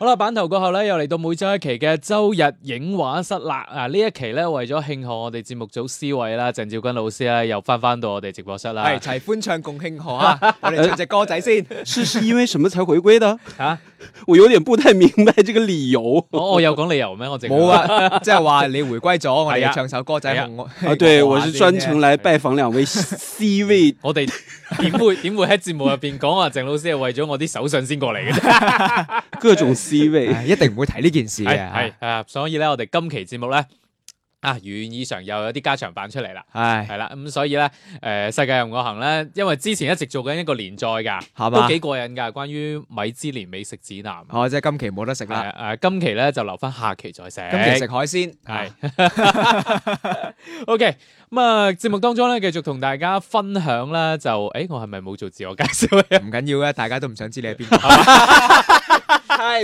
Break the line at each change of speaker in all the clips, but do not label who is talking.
好啦，版頭過後咧，又嚟到每周一期嘅周日影畫室啦。啊，呢一期咧，為咗慶賀我哋節目組 C 位啦，鄭兆君老師咧又翻翻到我哋直播室啦。係齊
歡唱共慶賀啊！ 我哋唱隻歌仔先。是 是因為什麼才回歸的？吓、 啊？我有點不太明白這個理由、哦。我有講理
由咩？我冇啊，即
係話你回歸
咗，的我哋要唱首歌仔我的、啊。我對我是專程
嚟拜訪兩位
CV 我哋
點會點會喺節目入邊講話鄭老師係為咗我啲手信先過嚟嘅？
跟住 種 C 思 v、 啊、一定唔會提呢件事嘅、
啊。係啊，所以咧，我哋今期節目咧。啊，遠以上又有啲加長版出嚟啦，係係啦，咁所以咧，誒、呃，世界任我行咧，因為之前一直做緊一個連載噶，吧都幾過癮噶，關於米芝蓮美食指南，哦，即係今期冇得食啦，誒、啊，今期咧就留翻下期再食，今期食海鮮，係，OK，咁啊，節目當中咧繼續同大家分享啦，就誒，我係咪冇做自我介紹啊？唔緊要啊，大家都唔想知你喺邊。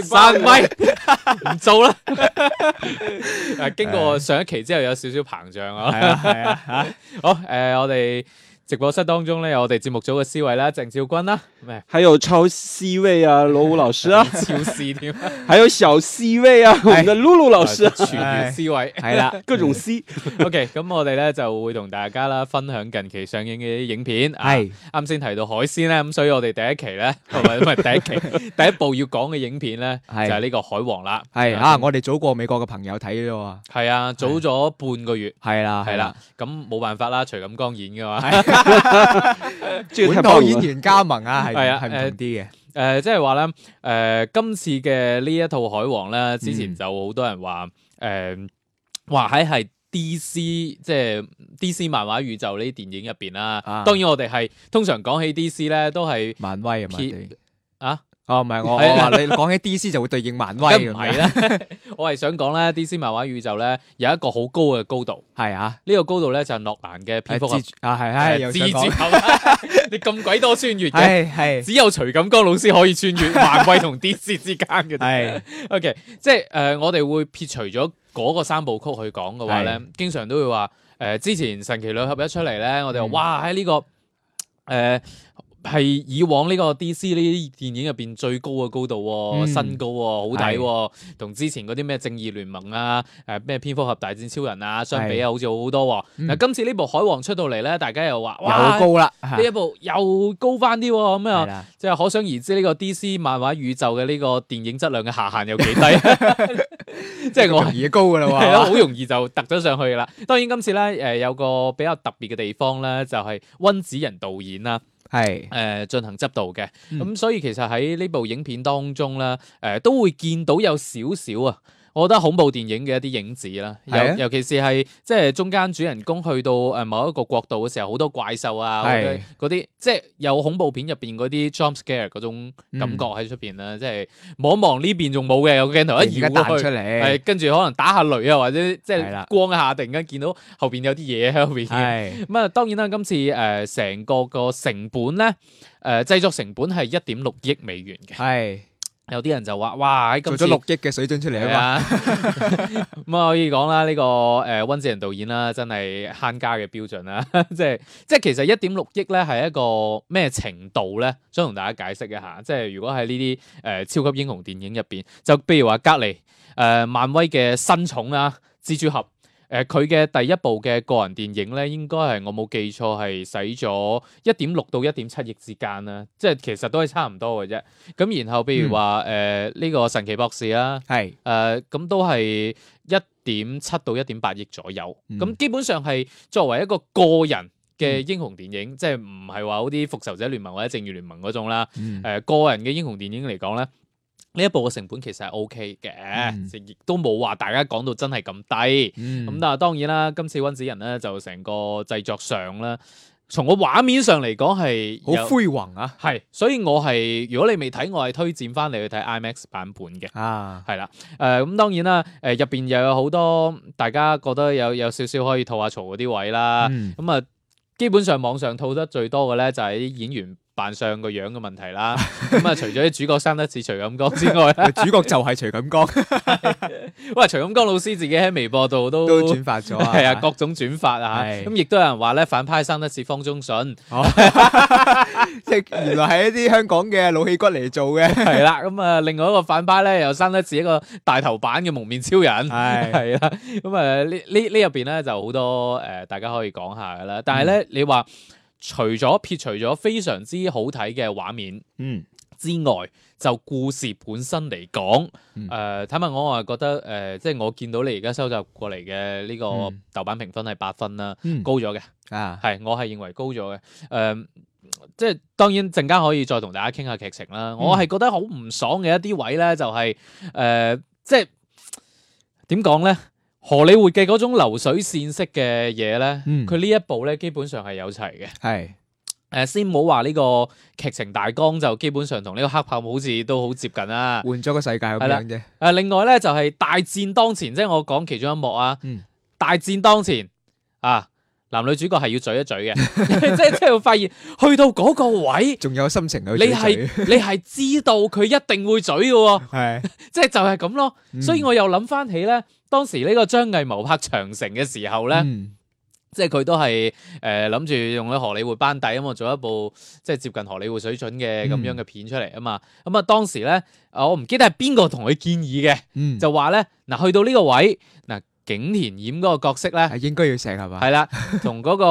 三米唔
不做啦！誒，經過上一期之後有少少膨脹囉， 係啊，係啊，好誒，我哋，直播室當中咧，有我哋節目組嘅 C 位啦，鄭兆君啦，咩？
還有超 C 位啊，羅武老師啊，超 C 添，還有小 C 位啊，我哋嘅 Lulu 老師啊，全員 C 位，係啦，各種 C。
OK，咁我哋咧就會同大家啦分享近期上映嘅啲影片，係啱先提到海鮮咧，咁所以我哋第一期咧，係唔係第一期，第一部要講嘅影片咧就係呢個《海王》啦，係啊，
我哋早過美國嘅朋友睇咗啊，係啊，早咗
半個月，係啦係啦，咁冇辦法啦，徐錦江演嘅嘛。
本 土演員加盟 啊，係係啊，係唔同
啲嘅，誒、就是，即係話咧，誒，今次嘅呢一套《海王》咧，之前就好多人話，誒、呃，話喺係 D C，即係 D C 漫畫宇宙呢啲電影入邊啦。啊、當然我哋係通常講起 D C 咧，都係漫威啊。漫威哦，唔係我，我話你講起 D.C. 就會對應漫威，唔係咧，我係想講咧 D.C. 漫畫宇宙咧有一個好高嘅高度，係啊，呢個高度咧就係諾蘭嘅蝙蝠俠啊，係係，你咁鬼多穿越嘅，係只有徐錦江老師可以穿越漫威同 D.C. 之間嘅，係，O.K.，即係誒，我哋會撇除咗嗰個三部曲去講嘅話咧，經常都會話，誒，之前神奇女俠一出嚟咧，我哋話哇，喺呢個誒。係以往呢個 DC 呢啲電影入邊最高嘅高度。哦，身、嗯、高、哦、好睇、哦，同是之前嗰啲咩正義聯盟啊，誒、啊、咩蝙蝠俠大戰超人啊相比啊，好似好好多。哦。嗱、嗯啊，今次呢部海王出到嚟咧，大家又話，哇，好高啦，呢一部又高翻啲。哦，咁啊的，即係可想而知呢個 DC 漫畫宇宙嘅呢個電影質量嘅下限有幾低，即係 我係嘢高噶啦，好 容易就突咗上去噶啦。 當然今次咧，誒有個比較特別嘅地方咧，就係溫子仁導演啦。係誒是、呃、進行執導嘅，咁、嗯、所以其實喺呢部影片當中咧，誒、呃、都會見到有少少啊，我覺得恐怖電影嘅一啲影子啦，尤、啊、尤其是係即係中間主人公去到誒某一個國度嘅時候，好多怪獸啊，嗰啲是即係有恐怖片入邊嗰啲 jump scare 嗰種感覺喺出邊啦，嗯、即係望一望呢邊仲冇嘅，有個鏡頭一搖過去，係跟住可能打下雷啊，或者即係光下，突然間見到後邊有啲嘢喺後邊。咁啊是，當然啦，今次誒成、呃、個個成本咧，誒、呃、製作成本係一點六億美元嘅。係。有啲人就話，哇！咁今次做咗六億
嘅水準出嚟啊嘛，咁
啊 可以講啦，呢、這個誒温子仁導演啦，真係慳家嘅標準啦， 即係即係其實一點六億咧係一個咩程度咧？想同大家解釋一下。即係如果喺呢啲誒超級英雄電影入邊，就譬如話隔籬誒、呃、漫威嘅新寵啊蜘蛛俠。誒佢嘅第一部嘅個人電影咧，應該係我冇記錯，係使咗一點六到一點七億之間啦，即係其實都係差唔多嘅啫。咁然後譬如話誒呢個神奇博士啦，係誒咁都係一點七到一點八億左右。咁、嗯、基本上係作為一個個人嘅英雄電影，嗯、即係唔係話嗰啲復仇者聯盟或者正義聯盟嗰種啦，誒、嗯呃、個人嘅英雄電影嚟講咧，呢一部嘅成本其實係 O K 嘅，亦都冇話大家講到真係咁低。咁、嗯、但係當然啦，今次溫子仁咧就成個製作上啦，從個畫面上嚟講係好輝煌啊。係，所以我係如果你未睇，我係推薦翻你去睇 IMAX 版本嘅。啊，係啦，誒、呃、咁當然啦，誒入邊又有好多大家覺得有有少少可以吐下槽嗰啲位啦。咁啊、嗯，基本上網上吐得最多嘅咧就係啲演員。扮相個樣嘅問題啦，咁啊除咗啲主角生得似徐錦江之外，主角就係徐錦江。喂，徐錦江老師自己喺微博度都都轉發咗啊，係啊，各種轉發啊，咁亦都有人話咧反派生得似方中信，
即係原來係一啲香港嘅老戲骨嚟做嘅，係啦。咁啊，
另外一個反派咧又生得似一個大頭版嘅蒙面超人，係係啦。咁啊呢呢呢入邊咧就好多誒，大家可以講下噶啦。但係咧，你話？除咗撇除咗非常之好睇嘅畫面，嗯，之外，嗯、就故事本身嚟講，誒、嗯，坦白講、呃、我，我係覺得誒、呃，即係我見到你而家收集過嚟嘅呢個豆瓣評分係八分啦，嗯、高咗嘅，啊，係，我係認為高咗嘅，誒、呃，即係當然陣間可以再同大家傾下劇情啦。嗯、我係覺得好唔爽嘅一啲位咧、就是，就係，誒，即係點講咧？荷里活嘅嗰種流水線式嘅嘢咧，佢呢、嗯、一部咧基本上係有齊嘅。係是，誒，先唔好話呢個劇情大綱就基本上同呢個黑豹好似都好接近啊。換咗個世界好靚啫的。誒、啊，另外咧就係、是、大戰當前，即、就、係、是、我講其中一幕啊。嗯、大戰當前啊。男女主角係要嘴一嘴嘅， 即係即係發
現 去到嗰個位，仲有心情去。你係是
你係知道佢一定會嘴嘅喎，係即係就係咁咯。嗯、所以我又諗翻起咧，當時呢、這個張藝謀拍長城嘅時候咧，即係佢都係誒諗住用啲荷里活班底，咁啊做一部即係接近荷里活水準嘅咁樣嘅片出嚟啊嘛。咁啊、嗯嗯、當時咧，我唔記得係邊個同佢建議嘅，就話咧嗱，去到呢個位嗱。景甜演嗰個角色咧，應該要錫係嘛？係啦，同嗰個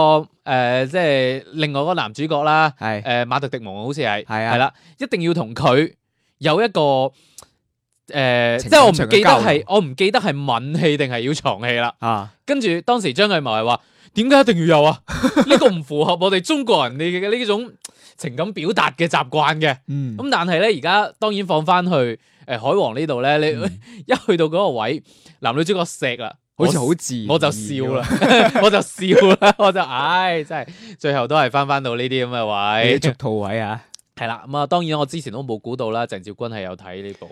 誒，即係另外嗰個男主角啦，係誒馬特·迪蒙好似係係啦，一定要同佢有一個誒，即係我唔記得係我唔記得係吻戲定係要床戲啦。啊，跟住當時張藝謀係話，點解一定要有啊？呢個唔符合我哋中國人嘅呢種情感表達嘅習慣嘅。咁但係咧，而家當然放翻去誒海王呢度咧，你一去到嗰個位，男女主角錫啦。好似好自然我，我就笑啦， 我就笑啦，我就唉，真係最後都係翻返到呢啲咁嘅位，俗套位啊，係啦， 咁、嗯、啊，當然我之前都冇估到啦，鄭少君係有睇呢部。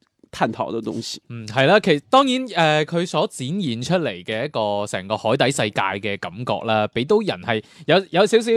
探討嘅東西，嗯，嗯
係啦，其實當然誒，佢、呃、所展現出嚟嘅一個成個海底世界嘅感覺啦，俾到人係有有少少。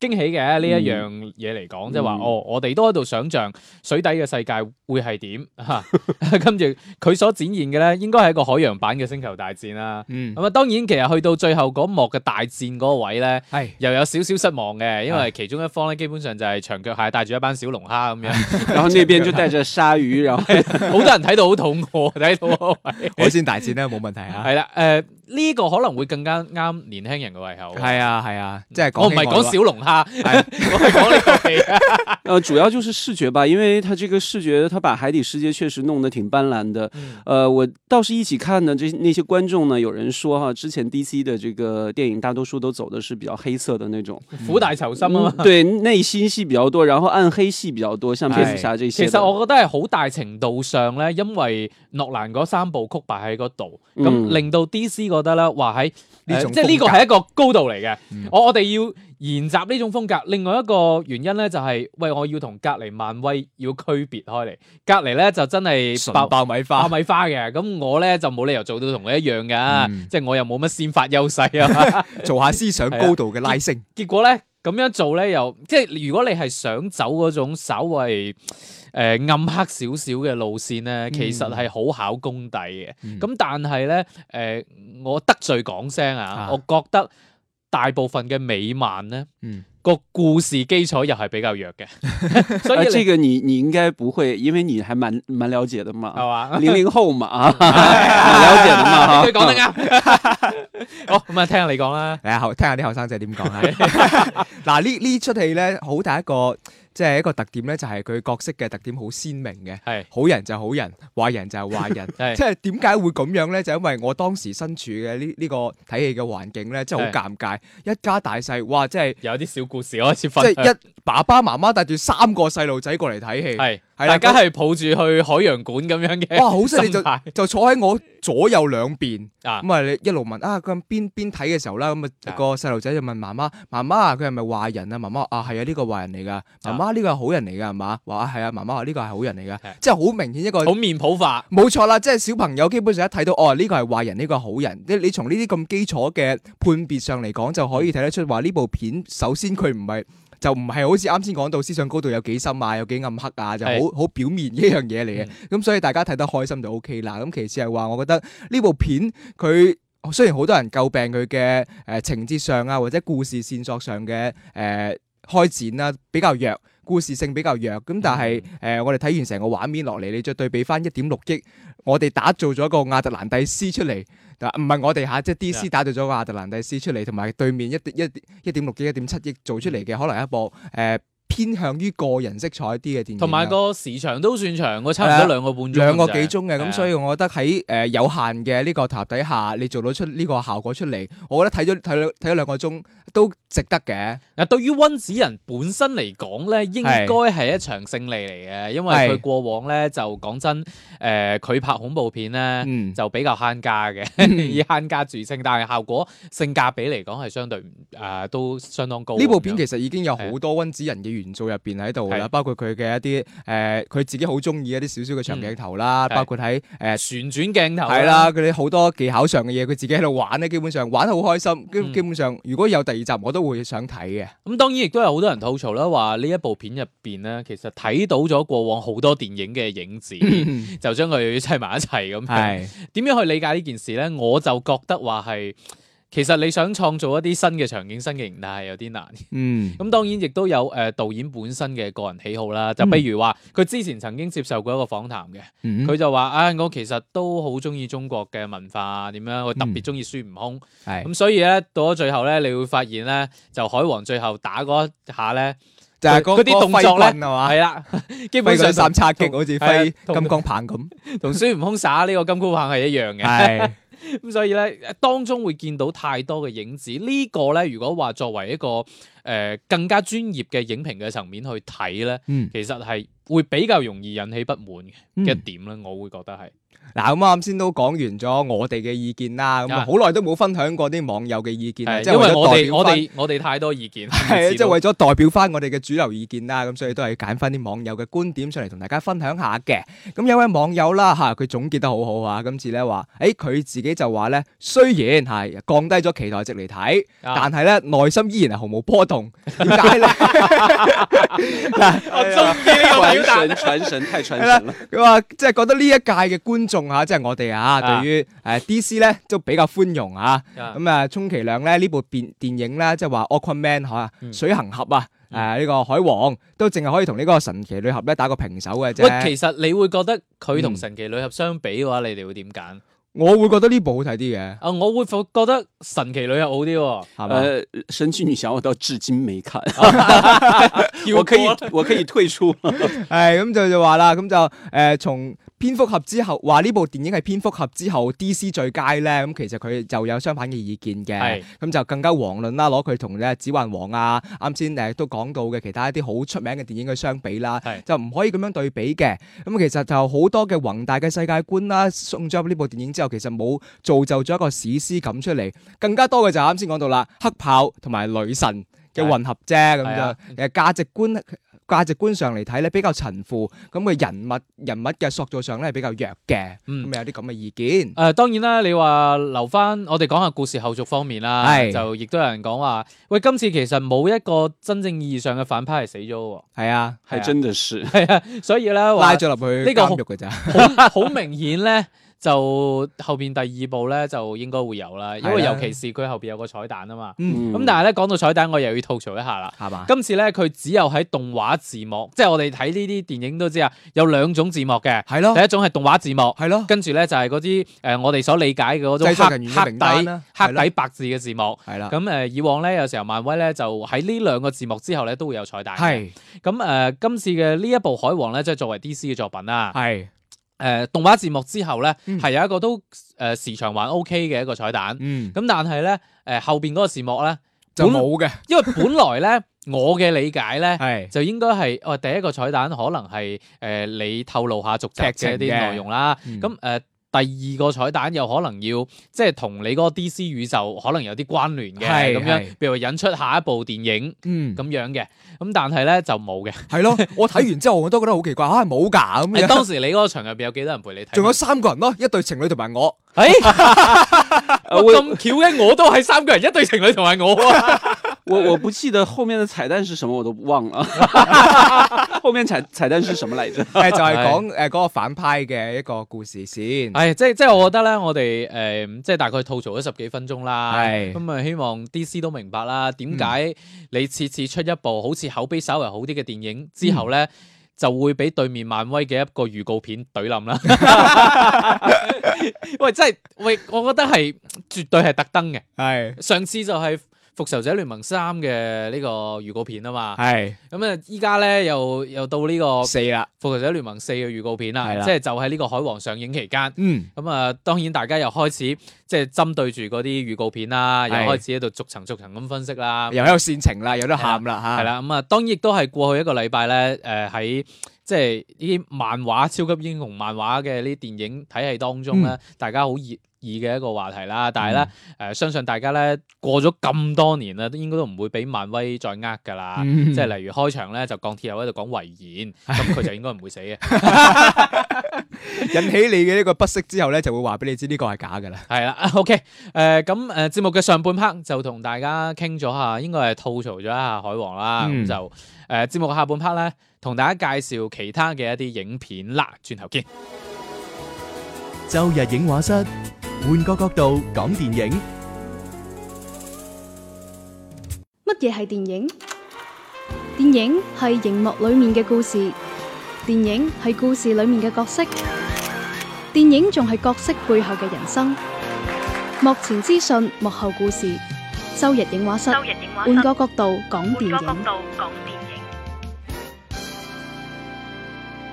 驚喜嘅呢一樣
嘢嚟講即係話哦，
我哋都喺度想象水底嘅世界會係點吓，跟住佢所展現嘅咧，應該係一個海洋版嘅星球大戰啦、嗯。咁啊、嗯，當然其實去到最後嗰幕嘅大戰嗰個位咧，係、嗯、又有少少失望嘅，嗯、因為其中一方咧，基本上就係長腳蟹帶住一班小龍蝦咁樣，
咁呢邊都帶住隻鯊魚， 然後好多人睇
到好肚餓，睇到 海鮮大戰咧冇問題啊，係啦，誒笑哈哈。的 呢個可能會更加啱年輕人嘅胃
口。係啊係啊，即係我唔係講小
龍蝦，係，我係
講呢個戲。誒，主
要就是視覺吧，因為它這個視覺，他把海底世界確實弄得挺斑斕的。誒，我倒是一起看呢，這那些觀眾呢，有人說哈，之前 DC 的這個電影，大多數都走的是比較黑色的那種，苦大仇深啊嘛。對，內心戲比較多，然後暗黑戲比較多，像蝙蝠俠這些。其實我
覺得係好大程度上咧，因為諾蘭三部曲擺喺度，咁令到 DC 個。覺得咧話喺，呃、種即係呢個係一個高度嚟嘅、嗯。我我哋要研習呢種風格。另外一個原因咧就係、是，喂，我要同隔籬漫威要區別開嚟。隔籬咧就真係爆爆米花，爆米花嘅。咁我咧就冇理由做到同佢一樣噶。嗯、即係我又冇乜先發優勢啊， 做下思想高度嘅拉升。 結果咧。咁樣做咧，又即係如果你係想走嗰種稍微誒、呃、暗黑少少嘅路線咧，其實係好考功底嘅。咁、嗯、但係咧，誒、呃、我得罪講聲啊，我覺得大部分嘅美漫咧。嗯個故事基礎又係比較弱嘅，所
以呢個你你應該唔會，因為你還蠻蠻了解的嘛，係嘛？零零後嘛，有啲人咁佢講得啱。
好，咁啊，聽下你講啦，嚟後聽下啲後生仔點講啊。嗱，呢呢出戲咧，好大一個，即係一個特點咧，就係佢角色嘅特點好鮮明嘅，係好人就好人，壞人就係壞人，即係點解會咁樣咧？就因為我當時身處嘅呢呢個睇戲嘅環境咧，即係好尷尬，一家大細，哇，即係有啲小。故事我開始瞓，即係一爸爸媽媽帶住三個細路仔過嚟睇戲是，係啦，大家係抱
住去海洋館咁
樣嘅，哇！好犀利就就坐喺我左右兩邊，咁啊你一路問啊咁邊邊睇嘅時候啦，咁、嗯、啊個細路仔就問媽媽：媽媽啊，佢係咪壞人啊？媽媽啊，係啊，呢個壞人嚟噶。媽媽，呢個係好人嚟噶，係嘛？話、啊、係啊，媽媽話呢個係好人嚟噶，啊、即係好明顯一個。好面譜化。冇錯啦，即係小朋友基本上一睇到哦，呢個係壞人，呢個係好人。你你從呢啲咁基礎嘅判別上嚟講，就可以睇得出話呢部片首先佢唔係。就唔係好似啱先講到思想高度有幾深啊，有幾暗黑啊，就好好是表面一樣嘢嚟嘅。咁、嗯、所以大家睇得開心就 O K 啦。咁其次係話，我覺得呢部片佢雖然好多人詬病佢嘅誒情節上啊，或者故事線索上嘅誒、呃、開展啊，比較弱，故事性比較弱。咁但係誒、嗯呃、我哋睇完成個畫面落嚟，你再對比翻一點六億，我哋打造咗個亞特蘭蒂斯出嚟。但唔係我哋嚇，即係 D.C 打造咗個亞特蘭蒂斯出嚟，同埋對面一啲一啲一點六億一點七億做出嚟嘅，可能係一部誒。呃偏向於個人色彩啲嘅電影，同埋個
時長都算長，我差唔多兩個半兩個幾鐘嘅，咁所
以我覺得喺誒有限嘅呢個塔底下，你做到出呢個效果出嚟，我覺得睇咗睇兩睇咗兩個鐘都值得嘅。嗱，對於溫子仁本身嚟講咧，應該係
一場勝利嚟嘅，因為佢過往咧就講真誒佢拍恐怖片咧就比較慳家嘅，以慳家著稱，但係效果性價比嚟講係相對誒都相當高。呢部
片其實已經有好多溫子仁嘅。元素入邊喺度啦，包括佢嘅一啲誒，佢自己好中意一啲少少嘅長鏡頭啦，包括喺誒旋轉鏡頭係啦，佢哋好多技巧上嘅嘢，佢自己喺度玩咧，基本上玩得好開心。基、嗯、基本上，如果有第二集，我都會想睇嘅。
咁、嗯嗯、當然亦都有好多人吐槽啦，話呢一部片入邊咧，其實睇到咗過往好多電影嘅影子， 就將佢砌埋一齊咁。係點樣，是樣去理解呢件事咧？我就覺得話係。其實你想創造一啲新嘅場景、新嘅形態係有啲難。嗯，咁當然亦都有誒、呃、導演本身嘅個人喜好啦。就譬如話，佢、嗯、之前曾經接受過一個訪談嘅，佢、嗯、就話：啊，我其實都好中意中國嘅文化，點樣？我特別中意孫悟空。咁、嗯嗯，所以咧到咗最後咧，你會發現咧，就海王最後打嗰一下咧，就係嗰啲動作咧，係啊，
基本上三叉戟好似揮金剛棒咁，
同孫悟空耍呢個金箍棒係一樣嘅。 咁所以咧，當中會見到太多嘅影子，這個、呢個咧，如果話作為一個誒、呃、更加專業嘅影評嘅層面去睇咧，嗯、其
實係會比較容易引起不滿嘅一點咧，
嗯、我會覺得係。
嗱，咁啱先都講完咗我哋嘅意見啦，咁好耐都冇分享過啲網友嘅意見，啦的，即係為咗代表因為我哋
我哋太多意見，係即係為
咗代表翻我哋嘅主流意見啦，咁所以都係揀翻啲網友嘅觀點上嚟同大家分享下嘅。咁有位網友啦吓，佢，啊，總結得好好啊，今次咧話誒佢自己就話咧，雖然係降低咗期待值嚟睇，但係咧內心依然係毫無波動，點解咧？
我中意呢個表達，太傳神啦。
佢話即係覺得呢一屆嘅觀眾。吓，即係我哋啊，啊對於誒 D.C 咧，都比較寬容啊。咁、嗯、啊，充其量咧呢部電電影咧，即、就、係、是、話 Aquaman 吓，水行俠啊，誒呢、嗯啊這個海王都淨係可以同呢個神奇女俠咧打個平手嘅啫。喂，其實
你會覺得佢同神奇女俠相比嘅話，你哋會點
揀、嗯？我會覺得呢部好睇
啲嘅。啊，我會覺覺得神奇女俠好啲。咪吧？神奇女俠我到至今未看， 我可以， 我，可以我可以退出。
係 咁 ras 就就話啦，咁就誒從。蝙蝠俠之後話呢部電影係蝙蝠俠之後 D.C. 最佳呢。咁其實佢就有相反嘅意見嘅，咁是就更加遑論啦，攞佢同咧指環王啊，啱先誒都講到嘅其他一啲好出名嘅電影去相比啦，是就唔可以咁樣對比嘅。咁其實就好多嘅宏大嘅世界觀啦，送咗入呢部電影之後，其實冇造就咗一個史詩感出嚟，更加多嘅就啱先講到啦，黑豹同埋女神嘅混合啫，咁是就誒價的值觀。價值觀上嚟睇咧，比較陳腐，咁佢人物人物嘅塑造上咧，係比較弱嘅，咁、嗯、有啲咁嘅意見。
誒、呃、當然啦，你話留翻我哋講下故事後續方面啦，是就亦都有人講話，喂，今次其實冇一個真正意義上嘅反派係死咗喎。係啊，係真的是，係啊，所以咧拉咗入去監獄嘅咋，好明顯咧。 就後邊第二部咧就應該會有啦，因為尤其是佢後邊有個彩蛋啊嘛。嗯。咁但係咧講到彩蛋，我又要吐槽一下啦。係嘛。今次咧佢只有喺動畫字幕，即係我哋睇呢啲電影都知啊，有兩種字幕嘅。係咯。第一種係動畫字幕。係咯。跟住咧就係嗰啲誒，我哋所理解嘅嗰種黑黑底黑底白字嘅字幕。係啦。咁誒，以往咧有時候漫威咧就喺呢兩個字幕之後咧都會有彩蛋嘅。係。咁誒，今次嘅呢一部海王咧，即係作為 DC 嘅作品啦。係。誒、呃，動畫字幕之後咧，係、嗯、有一個都誒、呃、時長還 OK 嘅一個彩蛋，咁、嗯、但係咧，誒、呃、後邊嗰個字幕咧就冇嘅，因為本來咧 我嘅理解咧是就應該係，哦、呃、第一個彩蛋可能係誒、呃、你透露下續集嘅一啲內容啦，咁誒。嗯第二個彩蛋又可能要即係同你嗰個 DC 宇宙可能有啲關聯嘅，咁是 樣，譬是是 如引出下一部電影咁、嗯、樣嘅，咁但係咧就冇嘅的。
係咯，我睇完
之後我都覺得好奇怪，啊冇噶咁。 當時
你嗰場入邊有幾多人陪你睇？
仲有三個人咯，一對情侶同埋我。哎，咁巧嘅，我都係三個人，一對情侶同埋我。
我我不記得後面嘅彩蛋是什麼，我都忘了。 後面彩彩蛋是什麼來着？誒， 就係講誒嗰個反派嘅一個故事先。係、 哎，即
係即係我覺得咧，我哋誒、呃、即係大概吐槽咗十幾分鐘啦。係，
咁 啊、嗯嗯、希望 DC 都明
白啦。點解你次次出一部好似口碑稍微好啲嘅電影之後咧，嗯、就會俾對面漫威嘅一個預告片懟冧啦？喂、 哎，真係喂、哎，我覺得係絕對係特登嘅。係、嗯， 上次就係、是。復仇者聯盟三嘅呢個預告片啊嘛，係咁啊！依家咧又又到呢個四啦，復仇者聯盟四嘅預告片啦，係啦，即係就喺呢個海王上映期間，嗯，咁啊，當然大家又開始即係針對住嗰啲預告片啦，又開始喺度逐層逐層咁分析啦，係啦，又有煽情啦，有得喊啦吓，係啦，係啦，咁啊，當然亦都係過去一個禮拜咧，誒、呃，喺即係呢啲漫畫超級英雄漫畫嘅呢啲電影體系當中咧，嗯、大家好熱。嘅一個話題啦，但係咧，誒、嗯呃、相信大家咧過咗咁多年啦，都應該都唔會俾漫威再呃噶啦，嗯、哼即係例如開場咧就鋼鐵俠喺度講遺言，
咁佢、啊、就應該唔會死嘅，
引起你嘅呢個不適之後咧，就會話
俾你知呢個係假噶啦。係啦，OK，誒咁誒節目嘅上半 part 就同大家傾咗下，應該係吐槽咗一下海王啦，咁、嗯、就誒節、呃呃、目嘅下半 part 咧，同大家介紹其他嘅一啲影片啦，轉頭見，
週日映畫室。 換個角度講電影，乜嘢係電影？電影係熒幕裏面嘅故事，電影係故事裏面嘅角色，電影仲係角色背後嘅人生。幕前資訊，幕後故事。周日映畫室，周日映畫室。換個角度講電影。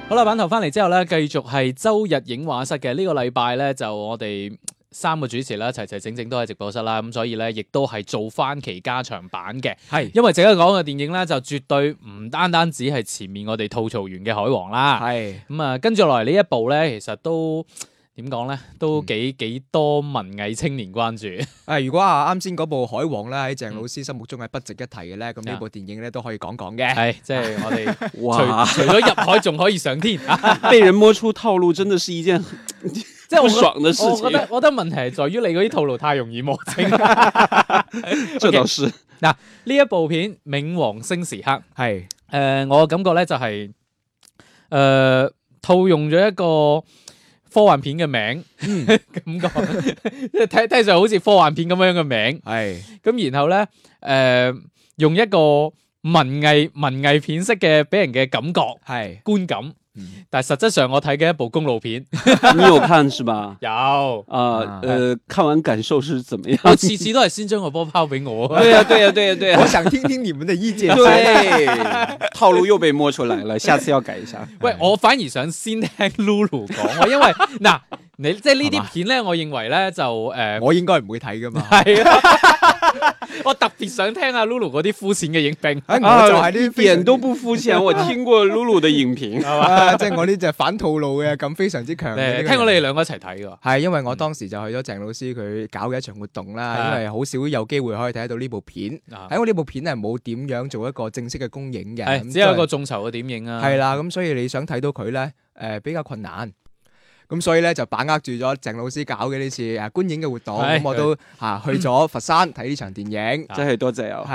好啦，板頭翻嚟之後呢，繼續係周日映畫室嘅。呢個禮拜呢，就我哋。三個主持啦，齊齊整整都喺直播室啦，咁所以咧，亦都係做翻期加長版嘅。係是，因為陣間講嘅電影咧，就絕對唔單單只係前面我哋吐槽完嘅海王啦。係是，咁啊、嗯，跟住落嚟呢一部咧，其實都點講咧，都
幾幾多文藝青年關注。誒、嗯啊，如果啊啱先嗰部海王咧喺鄭老師心目中係不值一提嘅咧，咁呢、嗯、部電影咧都可以講講嘅。係是，即係、 就是、我哋除哇除咗入海，仲可以上天。 被人
摸出套路，真的是一件。 即係好爽的事情我覺得，我
覺得問題係在於你嗰啲套路太容易摸清。這倒是。嗱，呢一部片《冥王星時刻》係是，誒、呃，我感覺咧就係、是，誒、呃，套用咗一個科幻片嘅名，嗯、 感覺，即係睇睇上好似科幻片咁樣嘅名，係是。咁然後咧，誒、呃，用一個文藝文藝片式嘅俾人嘅感覺，係是觀感。嗯、但實質上我睇嘅一部公路片，
你有看是吧？ 有啊，誒、呃，呃、看完感受是怎麼樣？ 我次次
都係先將個波拋俾我 對、啊。對啊，對
啊，對啊，對啊。我想聽聽你們的意見。對、啊，套路又被摸出來了，下次要改一下。
啊、 喂，我反而想先聽 Lulu 講，因為嗱、呃，你即係呢啲片咧，吧我認為咧就誒，呃、我應該唔會睇噶嘛。係。 我特別想聽阿 Lulu 嗰啲膚淺嘅影評，我就係
啲人都不膚淺。我聽過 Lulu 嘅影片，係
嘛？即係我呢隻反套路嘅，咁，非常之強。聽過你哋兩個一齊睇噶，係因為我當時就去咗鄭老師佢搞嘅一場活動啦，因為好少有機會可以睇到呢部片。喺我呢部片係冇點樣做一個正式嘅公映嘅，只有一個
眾籌嘅點映啊。係啦，
咁所以你想睇到佢咧，誒，比較困難。咁所以咧，就把握住咗鄭老師搞嘅呢次誒、啊、觀影嘅活動，咁的、嗯、我都吓、啊、去咗佛山睇呢場電影。啊、真係、 就是、多謝又。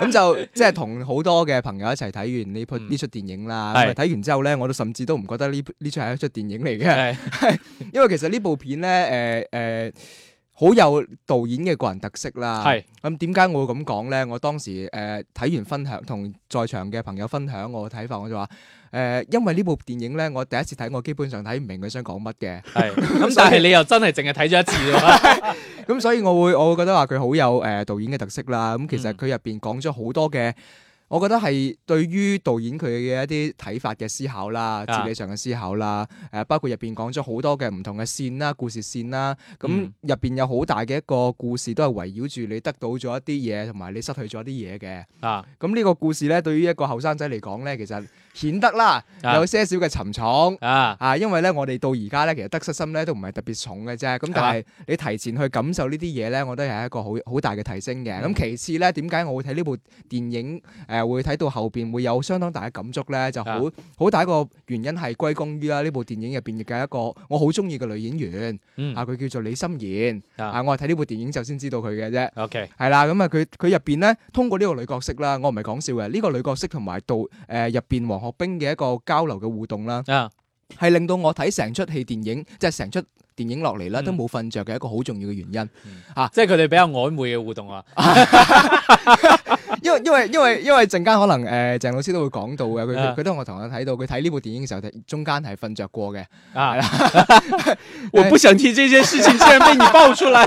咁就即係同好多嘅朋友一齊睇完呢呢出電影啦。睇的完之後咧，我都甚至都唔覺得呢呢出係一出電影嚟嘅，的 因為其實呢部片咧誒誒。呃呃好有導演嘅個人特色啦。係咁點解我會咁講呢？我當時誒睇、呃、完分享，同在場嘅朋友分享我嘅睇法，我就話誒、呃，因為呢部電影呢，我第一次睇，我基本上睇唔明佢想講乜嘅。係咁，但係你又真係淨係睇咗一次咁 所以，我會我會覺得話佢好有誒、呃、導演嘅特色啦。咁、嗯、其實佢入邊講咗好多嘅。我覺得係對於導演佢嘅一啲睇法嘅思考啦，哲理上嘅思考啦，誒，啊、包括入邊講咗好多嘅唔同嘅線啦，故事線啦，咁入邊有好大嘅一個故事，都係圍繞住你得到咗一啲嘢，同埋你失去咗啲嘢嘅。啊，咁呢個故事咧，對於一個後生仔嚟講咧，其實顯得啦，啊、有些少嘅沉重。啊，因為咧，我哋到而家咧，其實得失心咧都唔係特別重嘅啫。咁但係你提前去感受呢啲嘢咧，我覺得係一個好好大嘅提升嘅。咁、啊、其次咧，點解我會睇呢部電影？誒、呃。係會睇到後邊會有相當大嘅感觸咧，就好好大一個原因係歸功於啦，呢部電影入邊嘅一個我好中意嘅女演員，啊，佢叫做李心妍，啊我係睇呢部電影就先知道佢嘅啫，OK，係啦，咁啊佢，佢入邊咧通過呢個女角色啦，我唔係講笑嘅，呢個女角色同埋杜誒入邊黃學兵嘅一個交流嘅互動啦，係令到我睇成出戲電影即係成出。電影落嚟咧都冇瞓着嘅一個好重要嘅原因嚇，即係佢哋比較曖昧嘅互動啊！因為因為因為因為陣間可能誒鄭老師都會講到嘅，佢佢都我同學睇到佢睇呢部電影嘅時候，中間係瞓着過嘅啊！我不想聽這些事情在被你爆出來。誒，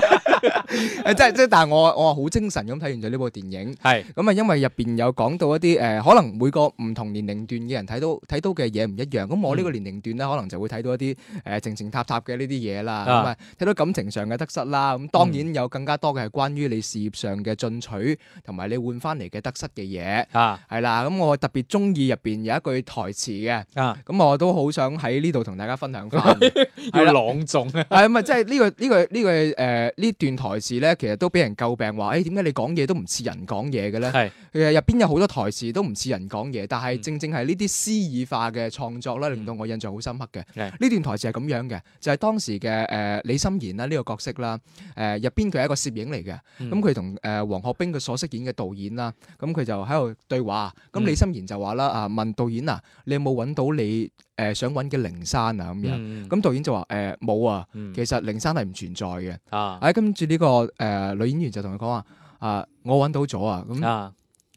即係即係，但係我我好精神咁睇完咗呢部電影。係咁啊，因為入邊有講到一啲誒，可能每個唔同年齡段嘅人睇到睇到嘅嘢唔一樣。咁我呢個年齡段咧，可能就會睇到一啲誒靜靜塔塔嘅呢啲嘢。啦咁睇到感情上嘅得失啦，咁當然有更加多嘅係關於你事業上嘅進取，同埋你換翻嚟嘅得失嘅嘢啊，係啦、嗯，咁我特別中意入邊有一句台詞嘅啊，咁、嗯、我都好想喺呢度同大家分享翻，係朗誦，啊、 嗯，係咪即係呢個呢、這個呢、這個誒呢、呃、段台詞咧，其實都俾人詬病、欸、話誒點解你講嘢都唔似人講嘢嘅咧？入邊是有好多台詞都唔似人講嘢，但係正正係呢啲詩意化嘅創作咧，令到我印象好深刻嘅。呢是是段台詞係咁樣嘅，就係、是、當時嘅。就是誒誒、呃，李心妍啦呢個角色啦，誒、呃、入邊佢係一個攝影嚟嘅，咁佢同誒王學兵佢所飾演嘅導演啦，咁佢就喺度對話，咁、嗯、李心妍就話啦啊，問導演啊，你有冇搵到你誒想搵嘅靈山啊咁樣，咁、嗯、導演就話誒冇啊，其實靈山係唔存在嘅，啊，誒跟住呢個誒、呃、女演員就同佢講話啊，我搵到咗、嗯、啊，咁。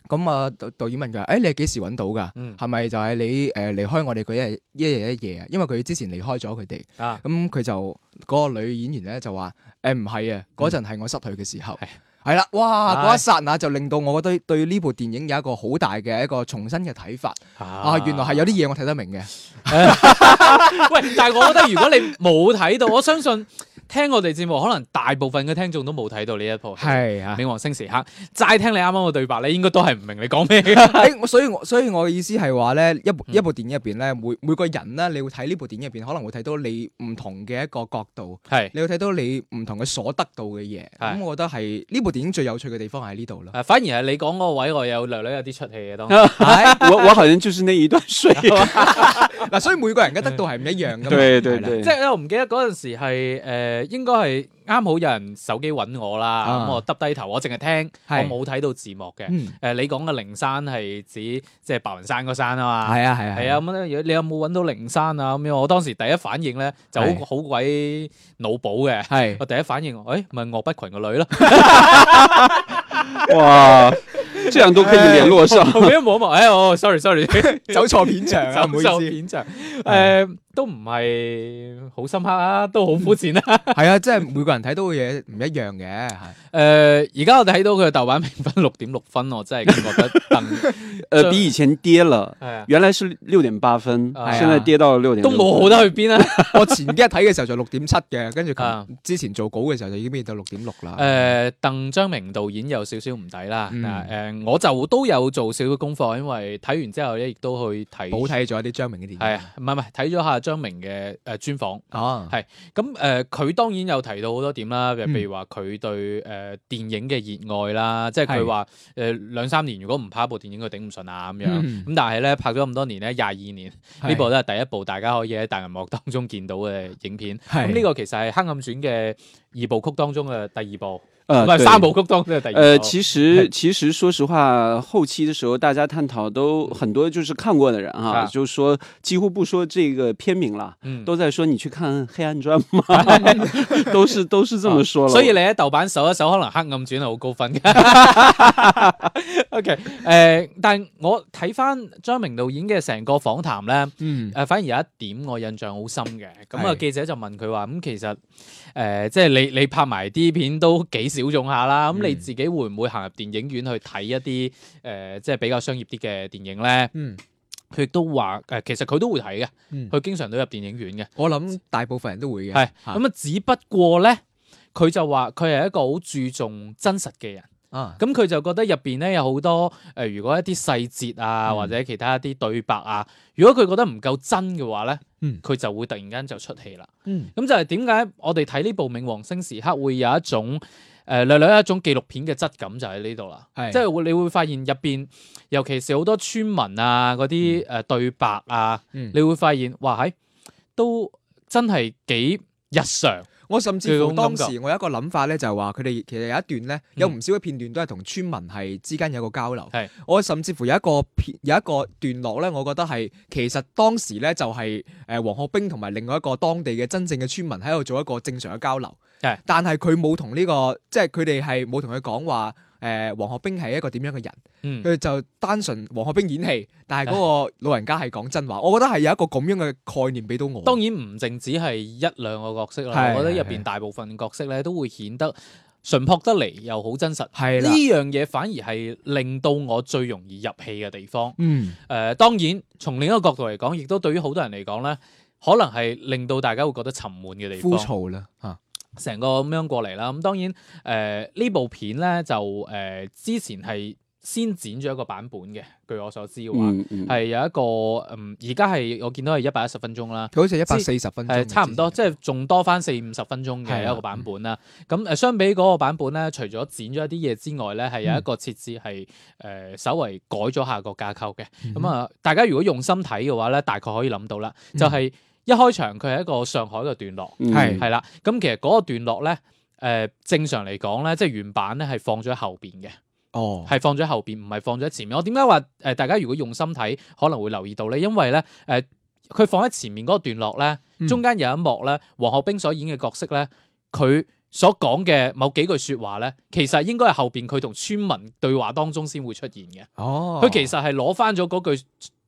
咁啊導導演問佢，誒、欸、你係幾時搵到噶？係咪、嗯、就係你誒離、呃、開我哋佢一一日一夜啊？因為佢之前離開咗佢哋，咁佢、啊、就嗰、那個女演員咧就話，誒唔係啊，嗰陣係我失去嘅時候，係啦唉，哇嗰一剎那就令到我覺得對呢部電影有一個好大嘅一個重新嘅睇法，啊，啊原來係有啲嘢我睇得明嘅，
唉 喂但係我覺得
如果你冇睇到， 我
相信。聽我哋節目，可能大部分嘅聽眾都冇睇到呢一部係《冥王星時刻》，齋聽你啱啱嘅對白你應該都係唔明你講咩。
所以我所以我嘅意思係話咧，一部一部電影入邊咧，每每個人咧，你會睇呢部電影入邊可能會睇到你唔同嘅一個角度，係你會睇到你唔同嘅所得到嘅嘢。咁我覺得係呢部電影最有趣嘅地方喺呢度啦。
反而係你講嗰個位，我有略略有啲出戲嘅都。我我係
用最新嘅耳朵衰。
嗱，所以每個人嘅得到係唔一樣嘅。對對對。即係我唔記得嗰陣時係誒誒，應該係啱好有人手機揾我啦，咁我耷低頭，我淨係聽，我冇睇到字幕嘅。誒，你講嘅靈山係指即係白雲山嗰山啊嘛？係啊係啊，係啊咁咧。你有冇揾到靈山啊？咁樣，我當時第一反應咧就好好鬼腦補嘅。係，我第一反應，誒，咪岳不群個女啦。
哇，這樣都可以聯絡上。我俾我望望，哎，哦，sorry，sorry，走錯片場啊，走錯片場，唔好意思。誒。
都唔係好深刻啊，都好膚淺啦。係啊，即係每個人睇到嘅嘢唔一樣嘅。誒，而家、呃、我哋睇到佢嘅豆
瓣評分六點六分，我真係覺得鄧誒、 呃、比以前跌了，係啊，原來是六點八分，啊、現在跌到六點。都冇好得去邊啊！ 我前幾日睇嘅時候就六點七
嘅，跟住之前做稿嘅時候就已經變到六點六啦。誒、啊，鄧
章明導演有少少唔抵啦。嗱、嗯呃，我就都有做少少功課，因為睇完之後咧，亦都去睇補睇咗一啲章明嘅電影。係啊，唔係唔係，睇咗下。張明嘅誒、呃、專訪，係咁誒，佢、呃、當然有提到好多點啦，譬如話佢對誒、呃、電影嘅熱愛啦，即係佢話誒兩三年如果唔拍一部電影，佢頂唔順啊咁樣。咁、嗯、但係咧拍咗咁多年咧，廿二年呢、嗯、部都係第一部大家可以喺大銀幕當中見到嘅影片。咁呢、嗯、個其實係《黑暗傳》嘅二部曲當中嘅第二部。唔係三部曲當即係第二，誒，其實
其實說實話，後期嘅時候，大家探討都很多，就是看過嘅人啊，就說幾乎不說這個片名啦，都在說你去看《黑暗磚》嘛，都是都是這麼說。所以
你喺豆瓣搜一搜，可能《黑暗轉》係好高分嘅。O K，誒，但係我睇翻張明導演嘅成個訪談咧，嗯，誒，反而有一點我印象好深嘅。咁啊，記者就問佢話，咁其實誒，即係你你拍埋啲片都幾小眾下啦，咁你自己會唔會行入電影院去睇一啲誒，即係比較商業啲嘅電影咧？嗯，佢亦都話誒，其實佢都會睇嘅，佢、嗯、經常都入電影院嘅。我諗大部分人都會嘅，係咁啊。是只不過咧，佢就話佢係一個好注重真實嘅人啊。咁佢就覺得入邊咧有好多誒、呃，如果一啲細節啊，嗯、或者其他一啲對白啊，如果佢覺得唔夠真嘅話咧，佢、嗯、就會突然間就出戲啦。嗯，咁就係點解我哋睇呢部《冥王星時刻》會有一種。誒、呃、略略一種紀錄片嘅質感就喺呢度啦，是即係會你會發現入邊，尤其是好多村民啊嗰啲誒對
白啊，嗯、你會發現，哇，係都真係幾日常。我甚至乎當時我有一個諗法咧，就係話佢哋其實有一段咧，有唔少嘅片段都係同村民係之間有個交流。嗯、我甚至乎有一個片有一個段落咧，我覺得係其實當時咧就係誒王學兵同埋另外一個當地嘅真正嘅村民喺度做一個正常嘅交流。嗯、但係佢冇同呢個，即係佢哋係冇同佢講話。誒，王、呃、學兵係一個點樣嘅人？佢、嗯、就單純王學兵演戲，但係嗰個老人家係講真話。 我覺得係有一個咁樣嘅概念俾到
我。當然唔淨止係一兩個角色啦，是我覺得入邊大部分角色咧都會顯得純朴得嚟，又好真實。呢的樣嘢反而係令到我最容易入戲嘅地方。的嗯，誒、呃，當然從另一個角度嚟講，亦都對於好多人嚟講咧，可能係令到大家會覺得沉悶嘅地方。啦、吓、啊。成個咁樣過嚟啦，咁當然誒呢、呃、部片咧就誒、呃、之前係先剪咗一個版本嘅，據我所知嘅話係、嗯嗯、有一個嗯而家係我見到係一百一十分鐘啦，佢好似一百四
十分鐘、呃，差唔
多，即係仲多翻四五十分鐘嘅一個版本啦。咁誒、啊嗯、相比嗰個版本咧，除咗剪咗一啲嘢之外咧，係有一個設置係誒稍微改咗下個架構嘅。咁啊、嗯嗯嗯嗯嗯，大家如果用心睇嘅話咧，大概可以諗到啦，就係、是。嗯一開場佢係一個上海嘅段落，係係啦。咁其實嗰個段落咧，誒、呃、正常嚟講咧，即係原版咧係放咗後邊嘅，係、哦、放咗後邊，唔係放咗前面。我點解話誒大家如果用心睇可能會留意到咧？因為咧誒，佢、呃、放喺前面嗰段落咧，中間有一幕咧，王學兵所演嘅角色咧，佢所講嘅某幾句説話咧，其實應該係後邊佢同村民對話當中先會出現嘅。哦，佢其實係攞翻咗嗰句。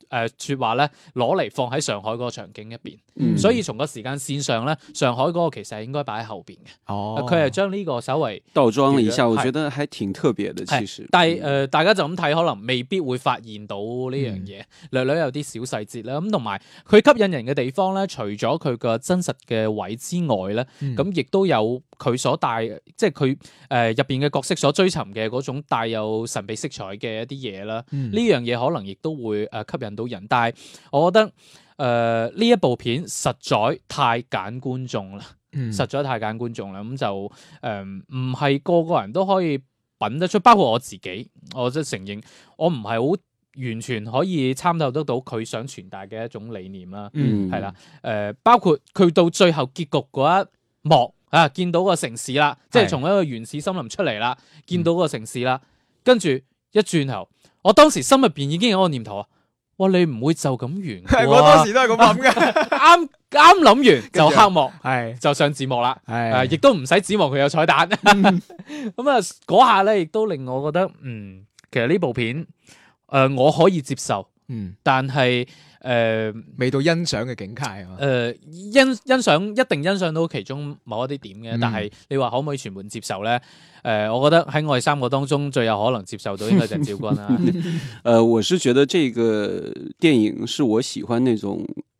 誒説、呃、話咧，攞嚟放喺上海嗰個場景一邊，嗯、所以從個時間線上咧，上海嗰個其實係應該擺喺後邊嘅。哦，佢係、啊、將呢個稍微倒裝一下，果我覺得
還挺特別嘅，是其實。
但係是誒、嗯呃，大家就咁睇，可能未必會發現到呢樣嘢，嗯、略略有啲小細節啦。咁同埋佢吸引人嘅地方咧，除咗佢個真實嘅位之外咧，咁亦都有。嗯佢所帶即係佢誒入邊嘅角色所追尋嘅嗰種帶有神秘色彩嘅一啲嘢啦，呢、嗯、樣嘢可能亦都會誒、呃、吸引到人。但係我覺得誒呢、呃、一部片實在太揀觀眾啦，實在太揀觀眾啦。咁、嗯嗯、就誒唔係個個人都可以品得出，包括我自己，我即係承認我唔係好完全可以參透得到佢想傳達嘅一種理念、嗯、啦。嗯、呃，係啦，誒包括佢到最後結局嗰一幕。啊！見到個城市啦，即係從一個原始森林出嚟啦，見到個城市啦，嗯、跟住一轉頭，我當時心入邊已經有個念頭，哇！你唔會就咁完啊？ 我當時都係咁諗嘅，啱啱諗完著就黑幕，係是就上字幕啦，係是、啊、亦都唔使指望佢有彩蛋。咁啊、嗯，嗰、 嗯、下咧亦都令我覺得，嗯，其實呢部片，誒、呃，我可以接受，嗯，但係。
誒，未到、呃、欣賞嘅境界啊！誒、
呃，欣欣賞一定欣賞到其中某一啲點嘅，但係你話可唔可以全盤接受咧？誒、嗯呃，我覺得喺我哋三個當中，最有可能接受到應該就係趙君啦。誒
呃，我是覺得這個電影是我喜歡那種。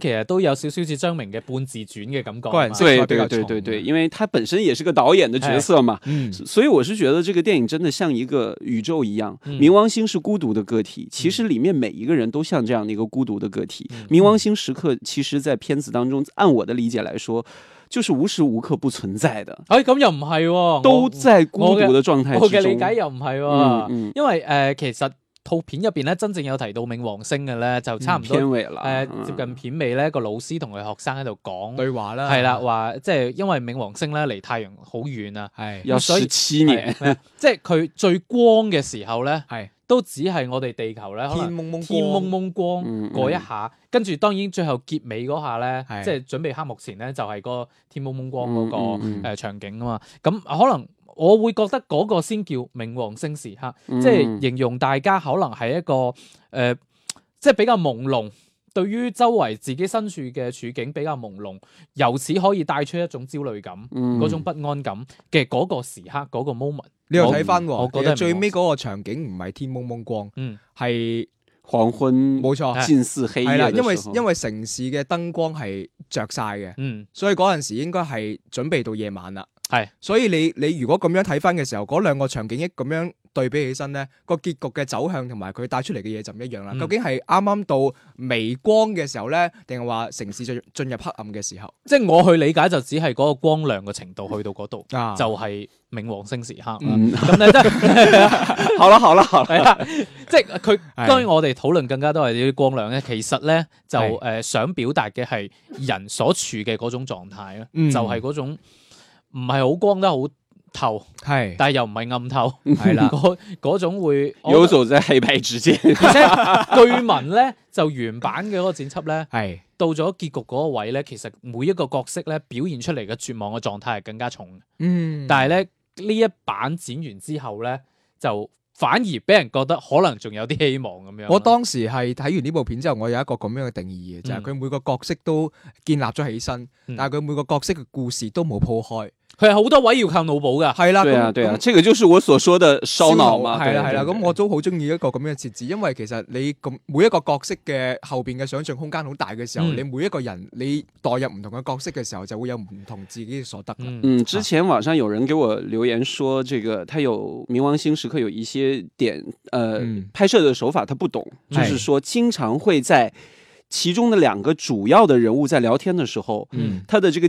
其實都有少少似張明嘅半
自傳嘅感覺，對對對對
對，因為他本身也是個導演的角色嘛，嗯、所以我是覺得這個電影真的像一個宇宙一樣，嗯、冥王星是孤獨的個體，嗯、其實裏面每一個人都像這樣的一個孤獨的個體。嗯、冥王星時刻，其實，在片子當中，按我的理解來說，就是無時無刻不存在的。哎，咁又唔係、啊，
都在孤獨的狀態之中。我嘅理解又唔係、啊，因為誒、呃，其實。套片入邊咧，真正有提到冥王星嘅咧，就差唔多，誒接近片尾咧，個老師同佢學生喺度講對話啦，係啦，話即係因為冥王星咧離太陽好遠啊，有數千年，即係佢最光嘅時候咧，都只係我哋地球咧天濛濛光嗰一下，跟住當然最後結尾嗰下咧，即係準備黑幕前咧，就係個天濛濛光嗰個誒場景啊嘛，咁可能。我會覺得嗰個先叫冥王星時刻，嗯、即係形容大家可能係一個誒、呃，即係比較朦朧，對於周圍自己身處嘅處境比較朦朧，由此可以帶出一種焦慮感，嗰、嗯、種不安感嘅嗰
個時刻，嗰、嗰個 moment。你又睇翻，其實 我覺得最尾嗰個場景唔係天蒙蒙光，
係、嗯、黃昏，冇錯錯，是近似黑夜係啦，因為因
為城市嘅燈光係着晒嘅，所以嗰陣時應該係準備到夜晚啦。係，所以你你如果咁樣睇翻嘅時候，嗰兩個場景一咁樣對比起身咧，個結局嘅走向同埋佢帶出嚟嘅嘢就唔一樣啦。究竟係啱啱到微光嘅時候咧，定係話城市進進入黑暗嘅時候？
即係我去理解就只係嗰個光亮嘅程度去到嗰度，就係冥王星時刻啦。好啦好啦好啦，即係佢。當然我哋討論更加多係啲光亮咧。其實咧，就誒想表達嘅係人所處嘅嗰種狀態啦，就係嗰種。唔係好光得好透，係，但係又唔係暗透，係啦的，嗰嗰種會。據聞咧就原版嘅嗰個剪輯咧，係的到咗結局嗰個位咧，其實每一個角色咧表現出嚟嘅絕望嘅狀態係更加重。嗯，但係咧呢一版剪完之後咧，就反而俾人覺得可能仲有啲希望咁樣。我當
時係睇完呢部片之後，我有一個咁樣嘅定義嘅，就係、是、佢每個角色都建立咗起身，嗯、但係佢每個角色嘅故事都冇鋪開。佢係好多位要靠腦補噶，
係啦，對啊，對啊，這個就是我所說的燒腦嘛，係啦，係啦，
咁我都好中意一個咁樣設置，因為其實你咁每一個角色嘅後邊嘅想象空間好大嘅時候，你每一個人你代入唔同嘅角色嘅時候，就會有唔同自己嘅所得。嗯，
之前網上有人給我留言說，這個他有冥王星時刻有一些點，呃，拍攝嘅手法他不懂，就是說經常會在其中的兩個主要的人物在聊天的時候，嗯，他的這個。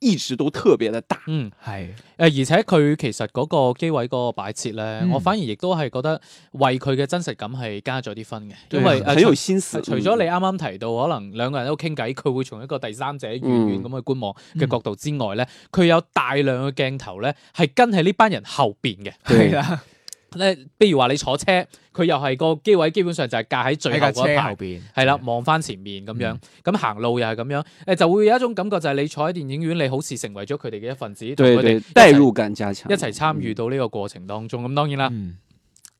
意識都特別的大，嗯，係，誒，而且佢其實嗰個
機位嗰個擺設咧，嗯、我反而亦都係覺得為佢嘅真實感係加咗啲分嘅，對因為係一條線。除咗、嗯、你啱啱提到可能兩個人喺度傾偈，佢會從一個第三者遠遠咁去觀望嘅角度之外咧，佢、嗯嗯、有大量嘅鏡頭咧係跟喺呢班人後邊嘅，係啦對。 咧，比如話你坐車，佢又係個機位，基本上就係架喺最後嗰排，係啦，了對望翻前面咁樣，咁、嗯、行路又係咁樣，誒，就會有一種感覺就係你坐喺電影院，你好似成為咗佢哋嘅一份子，對佢哋代入感加強，一齊參與到呢個過程當中。咁、嗯、當然啦，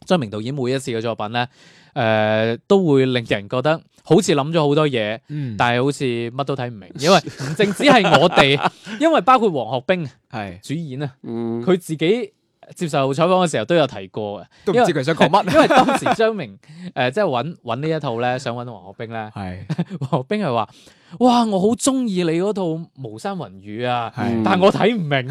張、嗯、明導演每一次嘅作品咧，誒、呃，都會令人覺得好似諗咗好多嘢，但係好似乜都睇唔明，因為唔淨止係我哋， 因為包括王學兵係主演啊，佢自己。接受採訪嘅時候都有提過嘅，都唔知佢想講乜。因為當時張明，誒，即係揾揾呢一套咧，想揾黃學兵咧，係 黃學兵係話。哇！我好中意你套《巫山雲雨》啊，嗯、但我睇唔明。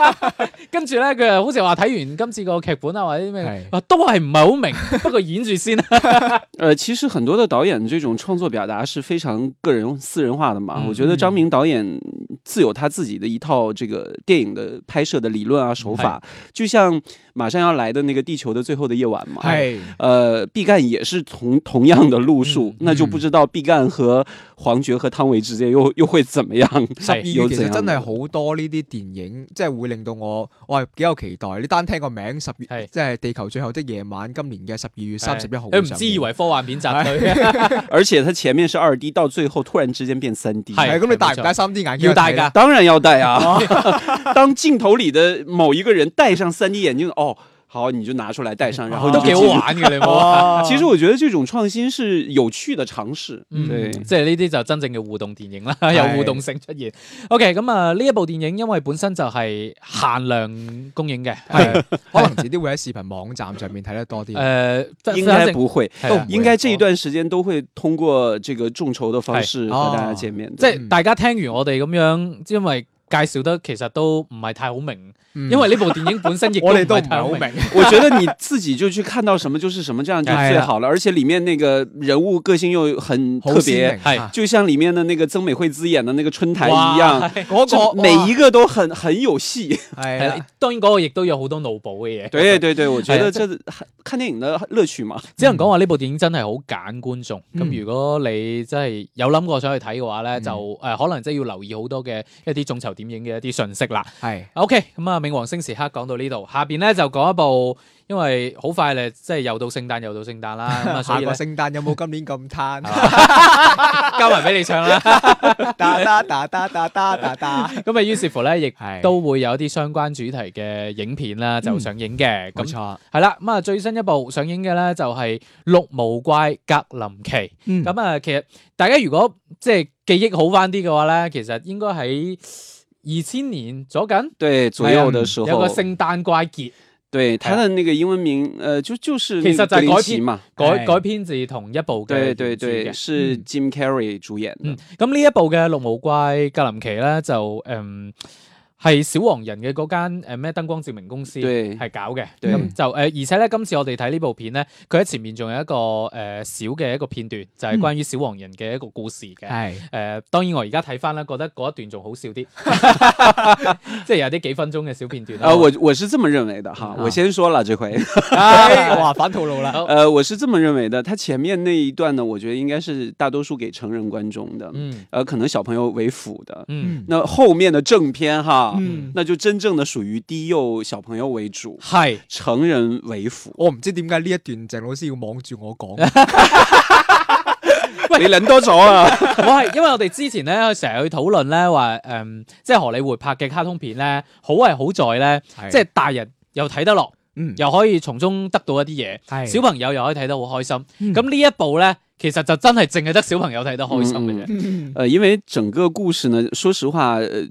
跟住呢，佢又好似話睇完今次個劇本啊，或者咩，
是都係唔係好明。 不過演住先。誒，其實很多的導演，這種創作表達是非常個人、私人化的嘛。嗯、我覺得張明導演自有他自己的一套，這個電影的拍攝的理論啊、手法，是就像馬上要來的那個《地球的最後的夜晚》嘛。誒是，誒、呃，畢贛也是同同樣的路數，嗯、那就不知道畢贛和黃覺和。湯唯之間又又會怎麼樣？十二月其實真係
好多呢啲電影，即係會令到我我係幾有期待。你單聽個名十月，是即係地球最後的夜晚，今年嘅十二月三十一號。你唔、欸、知
以為科幻片集
而且佢前面是二 D，到最後突然之間變三 D。係咁、嗯、你戴唔戴三 D 眼鏡要戴噶？當然要戴啊！哦、 當鏡頭裏的某一個人戴上三 D 眼鏡，哦。好，你就拿出來戴上，然後都給我啊！你嚟，其實我覺得這種創新是有趣的嘗試。嗯，對，
即係呢啲就真正嘅互動電影啦，有互動性出現。OK，咁啊呢一部電影，因為本身就係限量供應嘅，可能遲啲會喺視頻網站上面睇得多啲。誒，應該不會，應
該這一段時間都會通過這個眾籌的方式和大家見面。即係
大家聽完我哋咁樣，因為
介紹得其實都唔係太好明。因為呢部電
影本身亦都唔係好明，我覺得你
自己就去看到什麼就是什麼，這樣就最好啦。而且裏面那個人物個性又很特別，係，就像裏面的那個曾美慧孜演的那個春台一樣，每一個都很很有戲。係，當然個亦都有好多腦補嘅嘢。對對對，我覺得這是看電影的樂趣嘛。
只能講話呢部電影真係好揀觀眾。咁如果你真係有諗過想去睇嘅話咧，就誒可能真係要留意好多嘅一啲眾籌點映嘅一啲信息啦。係，OK，咁啊。冥王星時刻講到呢度，下邊咧就講一部，因為好快咧，即係又到聖誕又到聖誕啦。 下個聖
誕有冇今年咁嘆？
交埋俾你唱啦！
噠噠噠噠噠噠噠噠。
咁啊，於是乎咧，亦都會有一啲相關主題嘅影片啦，就上映嘅。冇錯，係啦。咁啊，最新一部上映嘅咧就係、是《綠毛怪格林奇》。咁啊、嗯，其實大家如果即係記憶好翻啲嘅話咧，其實應該喺。二千年左緊，對左右的時候、嗯、有個聖誕怪傑，
對，他的那個英文名，呃，就就是、那個、其實就係改編嘛，改改編自同一部嘅，對對對，是 Jim Carrey 主演。
咁呢一部嘅綠毛怪格林奇咧就，嗯。係小黃人嘅嗰間誒咩燈光照明公司係搞嘅，咁對、嗯、就誒、呃、而且咧今次我哋睇呢部片咧，佢喺前面仲有一個誒、呃、小嘅一個片段，就係、是、關於小黃人嘅一個故事嘅。係誒、嗯呃、當然我而家睇翻啦，覺得嗰一段仲好笑啲， 即係有啲幾分鐘嘅小片段。啊、呃，我
我是這麼認為的，哈，我先說了，這回
哇、啊、 反套路啦。
誒、呃，我是這麼認為的，佢前面那一段呢，我覺得應該是大多數給成人觀眾的，嗯、呃，可能小朋友為輔的，嗯，那後面的正片哈。嗯，那就真正的屬於低幼小朋友為主，係成人為輔。我唔知點解呢一段鄭老師要望住我講，
喂，你諗多咗啦。我係因為我哋之前咧成日去討論咧話，誒，即係荷
里活拍嘅卡通片咧，好係好在咧，即係大人又睇得落，嗯，又可以從中得到一啲嘢，係小朋友又可以睇得好開心。咁呢一部咧，其實就真係
淨係得小朋友睇得開心嘅啫。誒，因為整個故事呢，說實話，誒。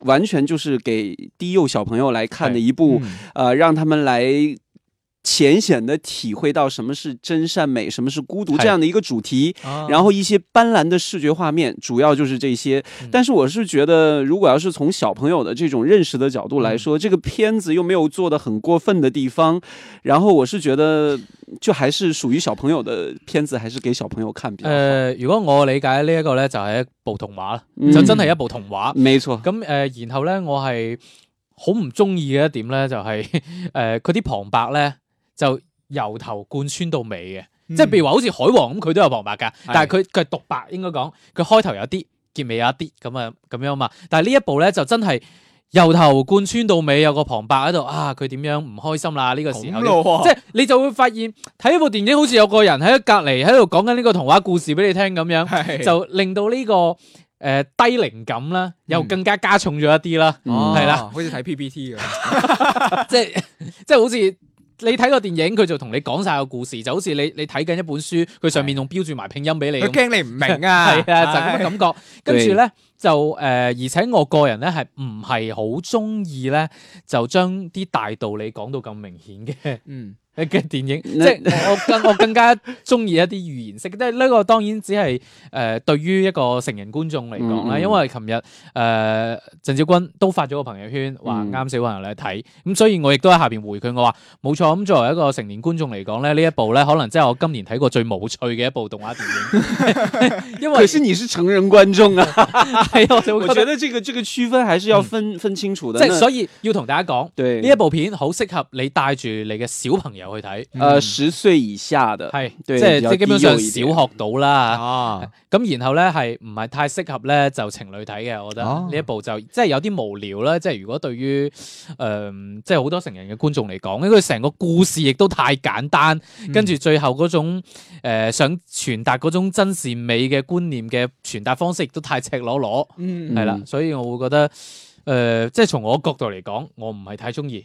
完全就是給低幼小朋友來看的一部，哎嗯、呃，讓他們來。淺顯地體會到什麼是真善美，什麼是孤獨，這樣的一個主題，的然後一些斑斕的視覺畫面，主要就是這些。嗯、但是我是覺得，如果要是從小朋友的這種認識的角度來說，嗯、這個片子又沒有做得很過分的地方，然後我是覺得，就還是屬於小朋友的片子，還是給小朋友看比較
好。呃、如果我理解呢一個呢就係一部童話，就真係一部童話，沒錯。咁、呃、然後呢，我係好唔鍾意嘅一點呢、就是，就係佢啲旁白呢。就由頭貫穿到尾嘅，嗯、即係譬如話好似《海王》咁，佢都有旁白噶，是的 但係佢佢係獨白應該講，佢開頭有啲，結尾有一啲咁啊，咁樣，樣嘛。但係呢一部咧就真係由頭貫穿到尾，有個旁白喺度啊，佢點樣唔開心啦，呢、這個時候，即係你就會發現睇呢部電影好似有個人喺隔籬喺度講緊呢個童話故事俾你聽咁樣，是的 就令到呢個誒、呃、低齡感啦，又更加加重咗一啲啦，係啦，
好似睇 PPT 咁，
即係即係好似。你睇個電影，佢就同你講晒個故事，就好似你你睇緊一本書，佢上面仲標住埋拼音俾你。佢驚的你唔明啊，係啊， 就咁嘅感覺。的跟住咧就誒、呃，而且我個人咧係唔係好中意咧，就將啲大道理講到咁明顯嘅。嗯。嘅電影，即係我更我更加中意一啲寓言式，即係呢個當然只係誒對於一個成人觀眾嚟講咧，因為琴日誒鄭少君都發咗個朋友圈話啱小朋友嚟睇，咁所以我亦都喺下邊回佢，我話冇錯，咁作為一個成年觀眾嚟講咧，呢一部咧可能即係我今年睇過最無趣嘅一部動畫電影。可是你是成人觀眾啊，係我覺得
呢個呢個區分還係要分分清楚嘅，即係所以
要同大家講，呢一部片好適合你帶住你嘅小朋友。去睇，誒、嗯呃，十
歲以下
嘅，係，即係即基本上小學到啦，咁、啊、然後咧係唔係太適合咧就情侶睇嘅，我覺得呢、啊、一部就即係有啲無聊啦，即係如果對於誒、呃、即係好多成人嘅觀眾嚟講，因為成個故事亦都太簡單，嗯、跟住最後嗰種誒、呃、想傳達嗰種真善美嘅觀念嘅傳達方式亦都太赤裸裸，嗯，係、嗯、啦，所以我會覺得，誒、呃，即係從我角度嚟講，我唔係太中意。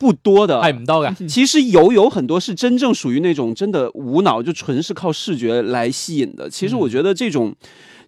不多的，係唔多嘅。其實有有很多是真正屬於那種真的無腦，就純是靠視覺來吸引的。其實我覺得這種。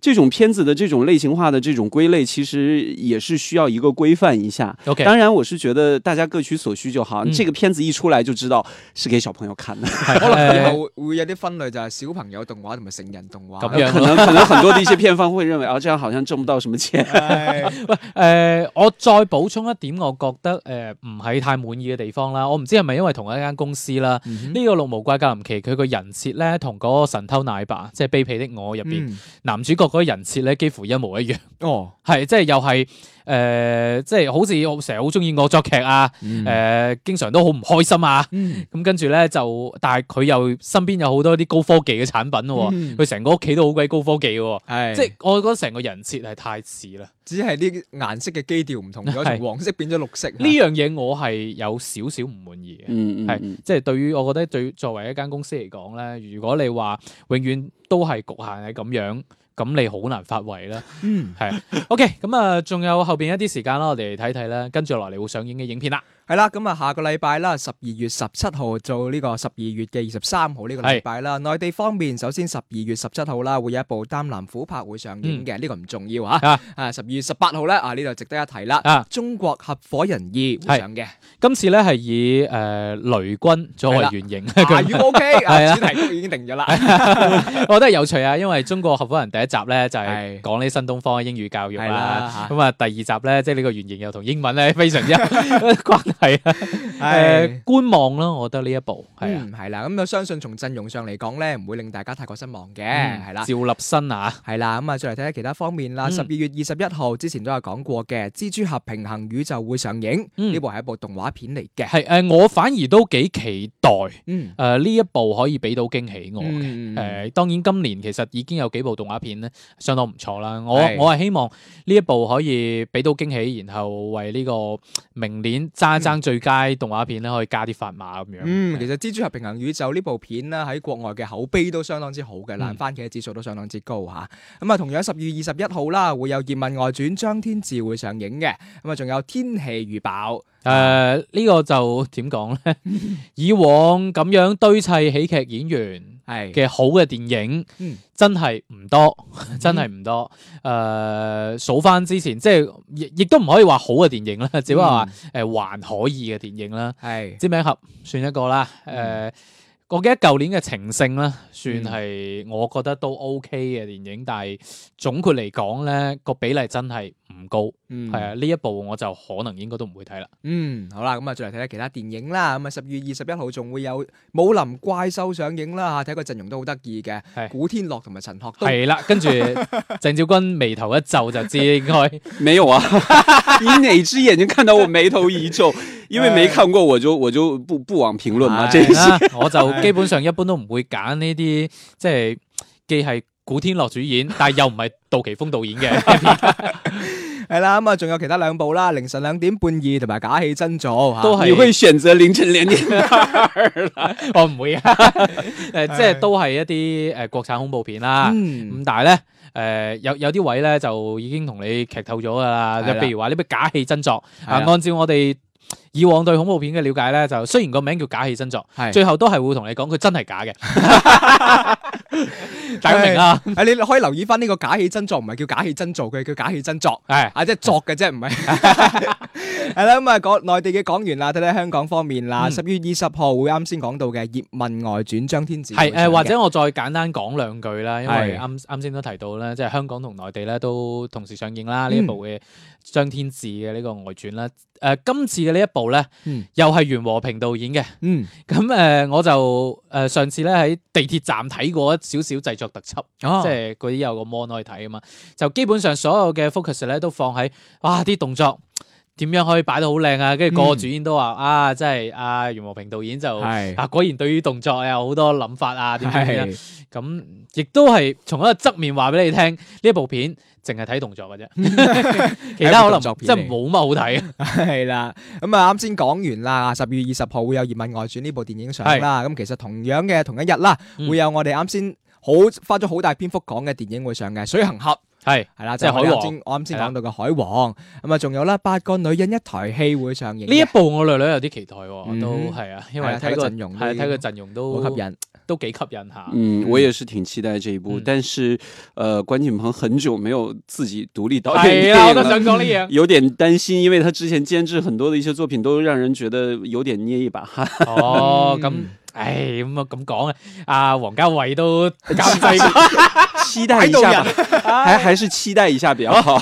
這種片子的這種類型化的這種歸類，其實也是需要一個規範一下。Okay. 當然，我是覺得大家各取所需就好。嗯、這個片子一出來就知道是給小朋友看的。嗯、 可能
會有啲分類就係小朋友動畫同埋成人動畫。咁樣，可能很多的一些
片方會認為，哦、啊，這樣好像掙唔到什麼錢。喂、 嗯，
誒、呃，我再補充一點，我覺得誒唔係太滿意嘅地方啦。我唔知係咪因為同一間公司啦？呢、嗯、哼個《綠毛怪格林奇》佢個人設咧，同嗰個《神偷奶爸》即係《卑鄙的我》入面入邊、嗯、男主角。嗰個人設咧，幾乎一模一樣哦，係即係又係誒，即係、呃、好似我成日好中意惡作劇啊，誒、嗯呃，經常都好唔開心啊。咁、嗯、跟住咧就，但係佢又身邊有好多啲高科技嘅產品咯，佢成、嗯、個屋企都好鬼高科技嘅，嗯、即係我覺得成個人設係太似啦，只係啲顏色嘅基調唔同咗，從是黃色變咗綠色。呢樣嘢我係有少少唔滿
意嘅，係
即係對於我覺得對作為一間公司嚟講咧，如果你話永遠都係局限係咁樣。咁你好難發圍啦，嗯，係啊，OK，咁啊，
仲有後邊一啲時間啦，我哋嚟睇睇啦，跟住落嚟會上映嘅影片啦。係啦，咁啊，下個禮拜啦，十二月十七號做呢個十二月嘅二十三號呢個禮拜啦。內地方面，首先十二月十七號啦，會有一部《擔南虎拍》會上映嘅，呢個唔重要吓。啊，十二月十八號咧，啊，呢度值得一提啦。中國合伙人二會上嘅，今次咧係以
誒雷軍作為原型。啊，如果 OK，主題都已經定咗啦。我覺得係有趣啊，因為《中國合伙人》第一集咧就係講呢新東方嘅英語教育啦。咁啊，第二集咧，即係呢個原型又同英文咧非常之關。係啊，誒，
觀望咯，我覺得呢一部係啦，咁啊，嗯、相信從陣容上嚟講咧，唔會令大家太過失望嘅，係啦。趙立新啊，係啦，咁啊，再嚟睇下其他方面啦。十二月二十一號之前都有講過嘅《蜘蛛俠平行宇宙》會上映，呢、嗯、部係一部動畫片嚟嘅。係誒，我反而都幾期待，誒呢一部可以俾到驚喜我
嘅。誒，當然今年其實已經有幾部動畫片咧，相當唔錯啦。我是的 我係希望呢一部可以俾到驚喜，然後為呢個明年揸揸。最佳動畫片咧，可以加
啲砝碼咁樣。嗯，其實《蜘蛛俠平行宇宙》呢部片咧，喺國外嘅口碑都相當之好嘅，爛、嗯、番茄指數都相當之高吓。咁啊，同樣十二月二十一號啦，會有《葉問外傳張天志》會上映嘅。咁啊，仲有天氣預報。
誒，呢、呃這個就點講咧？ 以往咁樣堆砌喜劇演員係嘅好嘅電影，的真係唔多，嗯、真係唔多。誒、呃，數翻之前，即係亦亦都唔可以話好嘅電影啦，只不過話誒還可以嘅電影啦。係的《致命一合》算一個啦。誒、呃，嗯、我記得舊年嘅《情聖》啦，算係我覺得都 OK 嘅電影，但係總括嚟講咧，個比例真係。唔
高，嗯，係啊，呢一部我就可能應該都唔會睇啦。嗯，好啦，咁、嗯、啊，再嚟睇下其他電影啦。咁啊，十月二十一號仲會有《武林怪獸》上映啦。吓，睇個陣容都好得意嘅，是古天樂同埋陳學系啦、啊。跟住
鄭少君眉頭一皺就知應該，
咩話、啊？你哪隻眼睛看到我眉頭一皺？因為沒看過我就我就不不枉評論啦。我就基本
上一般都唔會揀呢啲，即係既係古天樂主演， 但係又唔係杜琪峰導演嘅。
係啦，咁啊，仲有其他兩部啦，凌晨兩點半二同埋假戲真作吓，都啊、你會選擇凌晨兩點？
我唔會啊，誒，即係都係一啲誒國產恐怖片啦，咁、嗯、但係咧誒有有啲位咧就已經同你劇透咗噶啦，就譬如話呢部假戲真作啊、嗯，按照我哋。以往對恐怖片嘅了解咧，就雖然個名叫假戲真作，係最後都係會同你講佢真係假嘅，大家明啦。
係你可以留意翻呢個假戲真作，唔係叫假戲真做佢叫假戲真作，係啊，即係作嘅啫，唔係。係啦，咁啊，講內地嘅講完啦，睇睇香港方面啦。十月二十號會啱先講到嘅《葉問外傳》張天志，係誒，或者我再簡單講兩
句啦，因為啱啱先都提到咧，即係香港同內地咧都同時上映啦呢部嘅張天志嘅呢個外傳啦。誒，今次嘅呢一部，咧，嗯、又係袁和平導演嘅，咁誒、嗯嗯，我就誒上次咧喺地鐵站睇過一少少製作特輯，哦、即係嗰啲有個 mon 可以睇啊嘛，就基本上所有嘅 focus 咧都放喺，哇啲動作。點樣可以擺到好靚啊？跟住個個主演都話、嗯、啊，真係阿、啊、袁和平導演就是啊，果然對於動作有好多諗法啊，點點樣咁是，亦都係從一個側面話俾你聽呢一部片淨係睇動作嘅啫， 其他可能即係冇
乜好睇。係啦，咁啊啱先講完啦，十二月二十號會有葉問外傳呢部電影上啦，咁的其實同樣嘅同一日啦，會有我哋啱先好花咗好大篇幅講嘅電影會上嘅水行俠。
係係啦，即係海王，我啱先講到
嘅海王，咁啊的，仲有啦，八個女人一台戲會上映，呢一部我女
女有啲期待。
都係啊，因為睇個係睇個陣容都好吸引，都幾吸引下。嗯，
我也是挺期待這一部，嗯、但是，誒、呃，關錦鵬很久沒有自己獨立導演，係啊，都想講呢樣，有點擔心，因為他之前監製很多的一些作品，都讓人覺得有點捏一把 哦，
咁、嗯，唉，咁啊，咁講啊，阿黃家衛都監製。
期待一下，係，還是期待一下比較好，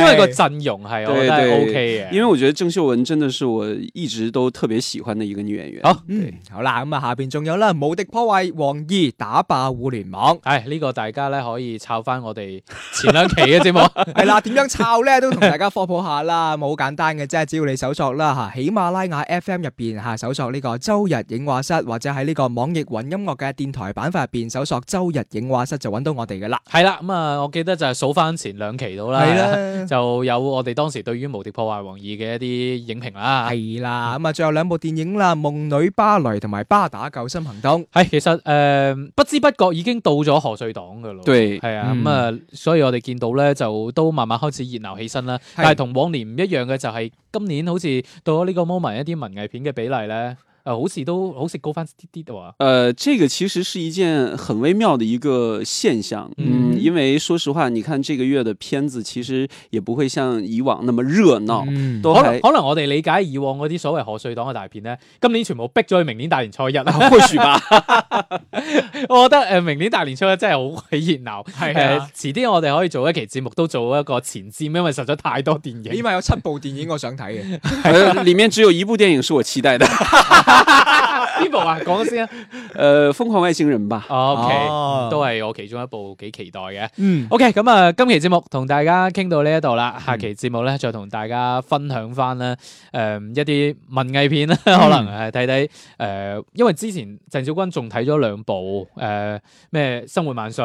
因為個
陣
容係我覺得 OK 嘅。因
為我覺得鄭秀文真的是我一直都特別喜歡的一個女演員。好，嗯，
好啦，咁啊下邊仲有啦，無敵破壞王二打爆互聯網，係呢個大家咧可以抄翻我哋前兩期嘅節目。係啦，點樣抄咧都同大家科普下啦，冇好簡單嘅啫，只要你搜索啦吓，喜馬拉雅 FM 入邊吓搜索呢個周日映畫室，或者喺呢個網易雲音樂嘅電台板塊入邊搜索周日映畫室就揾到我哋嘅。啦，係啦，
咁、嗯、啊，我記得就係數翻前兩期到啦，的 就有我哋當時對於《無敵破壞王二》嘅一啲影評啦。係啦，咁、嗯、啊，最後兩部電影啦，《夢女芭蕾》同埋《巴打救生行動》。係、嗯，其實誒、呃，不知不覺已經到咗賀歲檔噶咯。對，係啊，咁、嗯、啊、嗯，所以我哋見到咧，就都慢慢開始熱鬧起身啦。的但係同往年唔一樣嘅就係，今年好似到咗呢個 moment，一啲文藝片嘅比例咧，好似都好食高翻啲啲嘅話，誒、
呃，這個其實是一件很微妙嘅一個現象，嗯，因為說實話，你看這個月嘅片子其實也不會像以往那麼熱鬧，嗯、還可能可能我哋理解以往嗰啲所謂賀歲檔嘅大片咧，今年全
部逼咗去明年大年初一啊。 我覺得誒、呃，明年大年初一真係好鬼熱鬧，係遲啲我哋可以做一期節目都做一個前瞻，因為實在太多
電影，起碼有七部電影我想睇嘅
呃，裏面只有一部電影是我期待的。
邊 部啊？講先啊。誒、
呃，《瘋狂的外星人》吧。o、okay, k 都係我
其中一部幾期待嘅。嗯。OK，咁、嗯、啊，今期節目同大家傾到呢一度啦。下期節目咧，再同大家分享翻咧，誒、呃，一啲文藝片啦，可能係睇睇誒，因為之前鄭少君仲睇咗兩部，誒、呃，咩《生活萬
歲》。